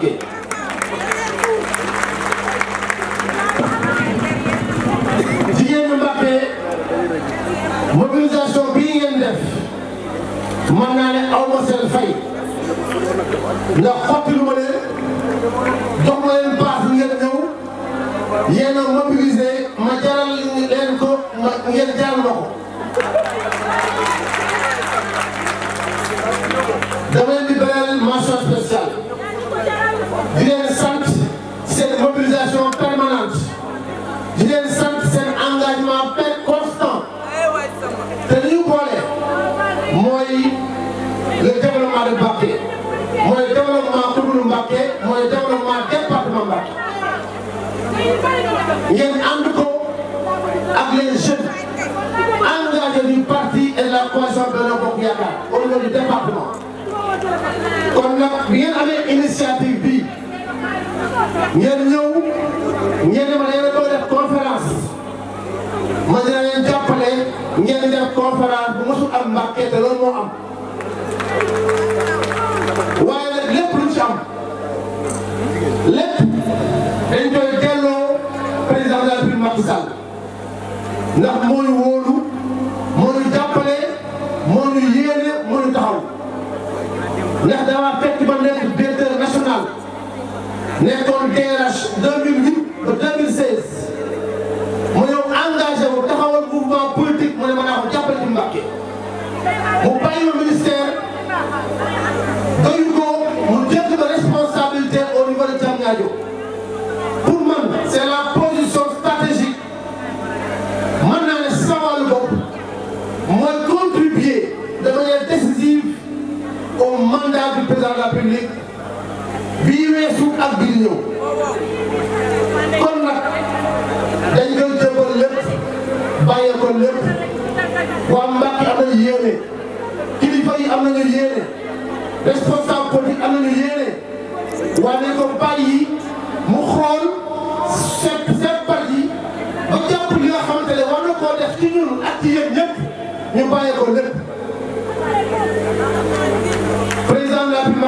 Gueye jigéenu Mbacké mobilisation bii ngeen def mën naa ne aw ma seen fay ndax xotti lu ma leen jox ma leen paas ngeen ñëw yéen a mobilisé ma jaral leen ko ma ngeen jaral ma ko changement constant te li ñu boole mooy le développement de Mbacké mooy développement commune Mbacké mooy développement département Mbacké ngeen ànd ko ak les jeunes engagés du parti et de la coalition Benno Bokk Yaakaar au niveau du département kon bi ngeen amee initiative bi ngeen ñëw ngeen ma dina leen jàppale ngeen def conférence bu mosul am Mbàkke te loolu moo am waaye nag lépp lu ci am lépp dañ koy delloo président de la République Macky Sall ndax moo ñu wóolu moo ñu jàppale moo ñu yéene moo ñu taxaw ndax dama fekk ba nekk directeur national nekkoon DRH 2008 ba biais de manière décisive au mandat du président de la République bii weesu ak bii ñëw kon nag dañ koy jëmbal lépp bàyyee ko lépp.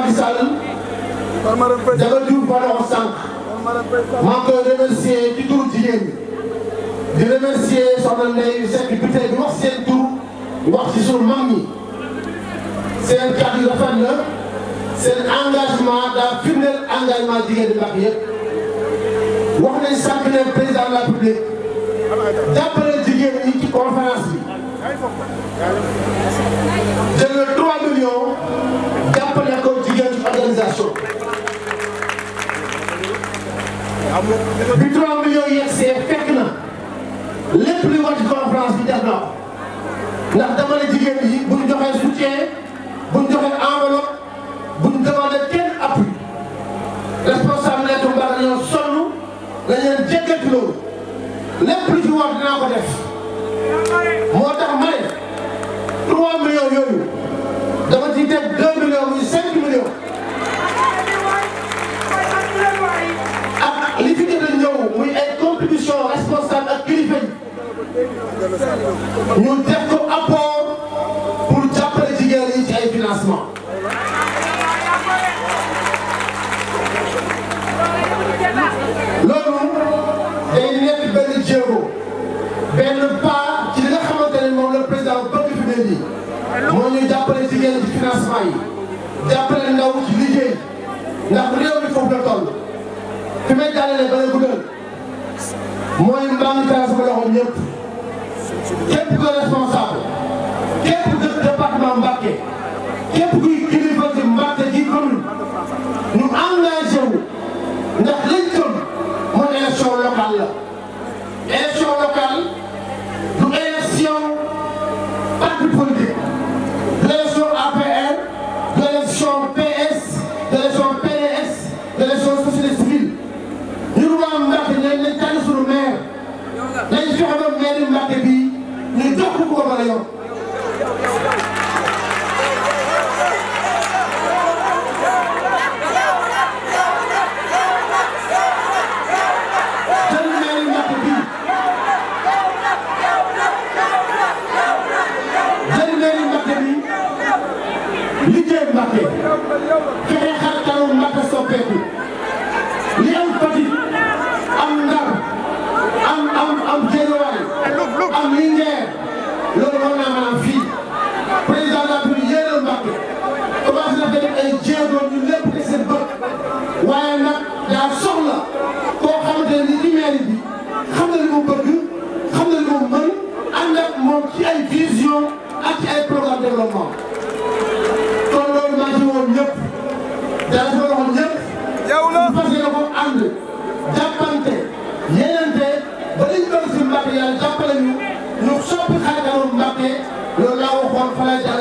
Macky Sall dafa jur ba dox sànq maa ngi koy remercier ci turu jigéen di remercier soxna Ndeye Seck bi tey bi wax seen tur wax ci sunu mag ñi seen kàddu rafet na engagement daa firndeel engagement jigéen di Mbàkke yëpp wax nañ sànq ne président de la République jàppale jigéen ñi ci conférence bi organisation bi 3 millions fekk na lépp li war ci conférence bi def na ndax dama ne jigéen yi buñ joxee soutien buñ joxee enveloppe buñ demandé kenn appui responsable nekk mbaa dañoo sonn dañu leen jéggati loolu lépp lu ci war dinaa ko def ñu def ko apport pour jàppale jigéen yi ay financement loolu day nekk benn jéego benn pas ci li nga xamante ne moom la président bëgg fi mel nii moo ñu jàppale jigéen ci financement yi jàppale ndaw ci liggéey ndax réew mi foofu la toll fi may jàllale ba la guddal mooy mbaa mi képp ko responsable képp ku département Mbacké képp kuy kilifa ci Mbacké ci commune ñu engagé wu ndax lañ jëm mooy élection locale la. la yor liggéey Mbacke fexe xar kanam Mbacke soppeeku koo xamante ne ci bi xam na li mu bëgg xam na li mu mën ànd ak moom ci ay vision ak ci ay programme développement kon loolu maa ngi woon ñëpp dara si waxoon la parce que dafa ànd ba liñ doon si Mbacke yàlla ñu ñu soppi xaritamu Mbacke loolu laa waxoon